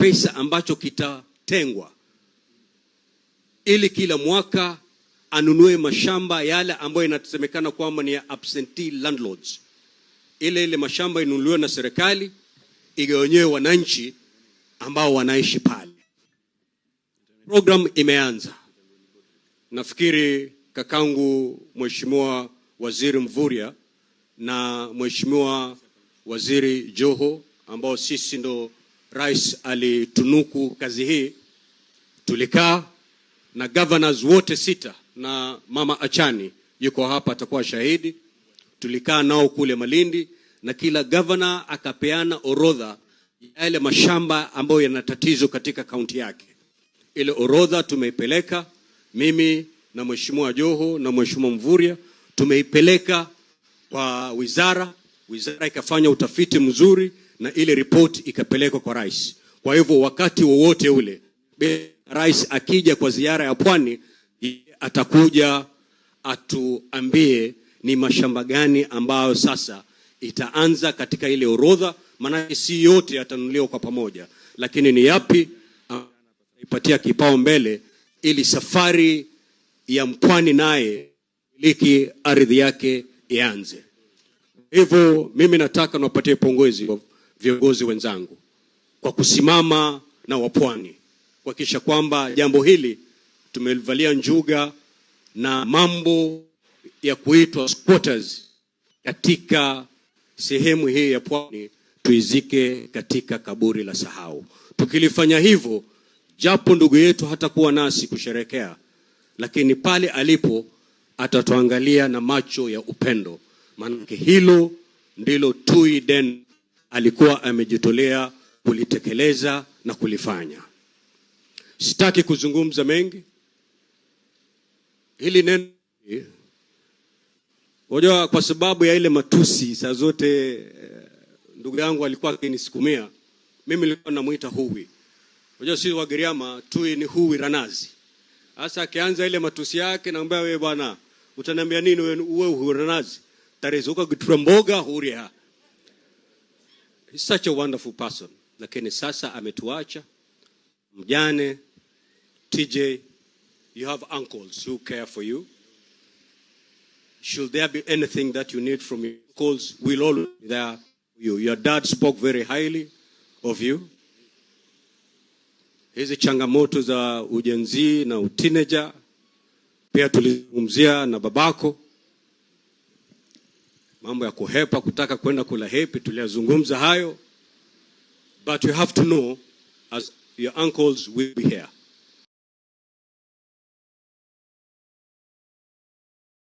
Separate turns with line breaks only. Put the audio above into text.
pesa ambacho kitatengwa ili kila mwaka anunue mashamba yale ambayo inasemekana kwamba ni ya absentee landlords. Ile ile mashamba inunuliwe na serikali igaonyewe wananchi ambao wanaishi pale. Program imeanza. Nafikiri kakangu Mheshimiwa Waziri Mvurya na Mheshimiwa Waziri Joho ambao sisi ndo rais alitunuku kazi hii, tulikaa na governors wote sita na mama Achani yuko hapa, atakuwa shahidi. Tulikaa nao kule Malindi na kila governor akapeana orodha yale mashamba ambayo yana tatizo katika kaunti yake. Ile orodha tumeipeleka mimi na mheshimiwa Joho na mheshimiwa Mvurya, tumeipeleka kwa wizara, wizara ikafanya utafiti mzuri na ile ripoti ikapelekwa kwa rais. Kwa hivyo wakati wowote ule rais akija kwa ziara ya pwani, atakuja atuambie ni mashamba gani ambayo sasa itaanza katika ile orodha, maanake si yote yatanuliwa kwa pamoja, lakini ni yapi ipatia kipao mbele ili safari ya mpwani naye miliki ardhi yake ianze. Hivyo mimi nataka niwapatie pongezi viongozi wenzangu kwa kusimama na wapwani kuhakikisha kwamba jambo hili tumevalia njuga na mambo ya kuitwa squatters katika sehemu hii ya pwani tuizike katika kaburi la sahau. Tukilifanya hivyo, japo ndugu yetu hatakuwa nasi kusherekea, lakini pale alipo atatuangalia na macho ya upendo, maanake hilo ndilo tui den alikuwa amejitolea kulitekeleza na kulifanya. Sitaki kuzungumza mengi hili neno Unajua, kwa sababu ya ile matusi saa zote eh, ndugu yangu alikuwa akinisukumia mimi, nilikuwa namuita huwi. Unajua sisi wa Giriama tui ni huwi ranazi. Sasa akianza ile matusi yake, naambia wewe bwana, utaniambia nini wewe, uwe huwi ranazi tarizuka mboga huria
He's such a wonderful person, lakini sasa ametuacha mjane. TJ, you have uncles who care for you. Should there be anything that you need from your uncles, we'll always be there for you. Your dad spoke very highly of you. Hizi changamoto za ujenzi na utineja pia tulizungumzia na babako. Mambo ya kuhepa, kutaka kwenda kula hepi, tuliyazungumza hayo, but you have to know as your uncles will be here.